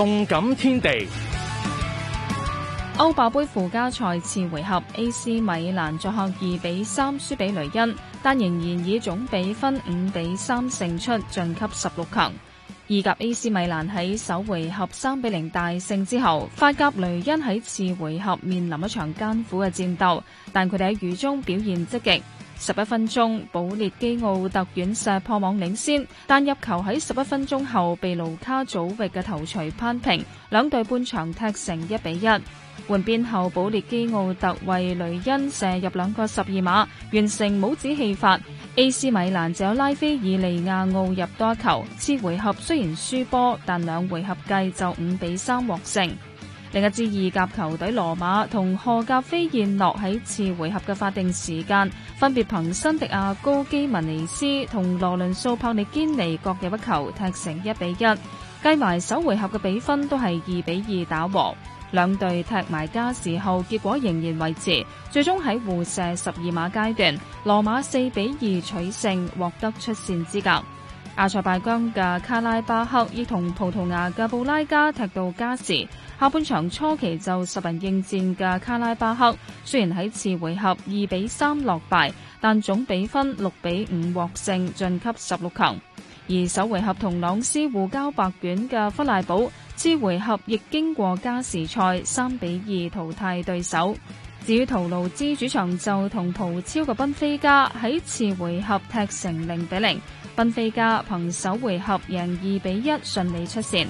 動感天地，歐霸盃附加賽次回合，A.C. 米蘭作客二比三輸俾雷恩，但仍然以總比分五比三勝出晉級十六強。意甲 A.C. 米蘭喺首回合三比零大勝之後，法甲雷恩喺次回合面臨一場艱苦嘅戰鬥，但佢哋喺雨中表現積極。十一分鐘，保列基奧特遠射破網領先，但入球喺十一分鐘後被盧卡祖域嘅頭槌扳平，兩隊半場踢成一比一。換邊後，保列基奧特為雷恩射入兩個十二碼，完成帽子戲法。AC 米蘭就有拉菲爾利亞奧入多球，次回合雖然輸波，但兩回合計就五比三獲勝。另一支意甲球隊羅馬同荷甲飛燕諾喺次回合嘅法定時間，分別憑辛迪亞高基文尼斯同羅倫素帕利堅尼各入一球，踢成一比一。計埋首回合嘅比分都係二比二打和，兩隊踢埋加時後，結果仍然維持，最終喺互射十二碼階段，羅馬四比二取勝，獲得出線資格。阿塞拜疆嘅卡拉巴克亦同葡萄牙嘅布拉加踢到加時，下半場初期就十人應戰嘅卡拉巴克雖然喺次回合二比三落敗，但總比分六比五獲勝晉級十六強。而首回合同朗斯互交白卷嘅弗賴堡，次回合亦經過加時賽三比二淘汰對手。至於圖盧茲主場就同葡超嘅賓菲加喺次回合踢成零比零，賓菲加憑首回合贏二比一順利出線。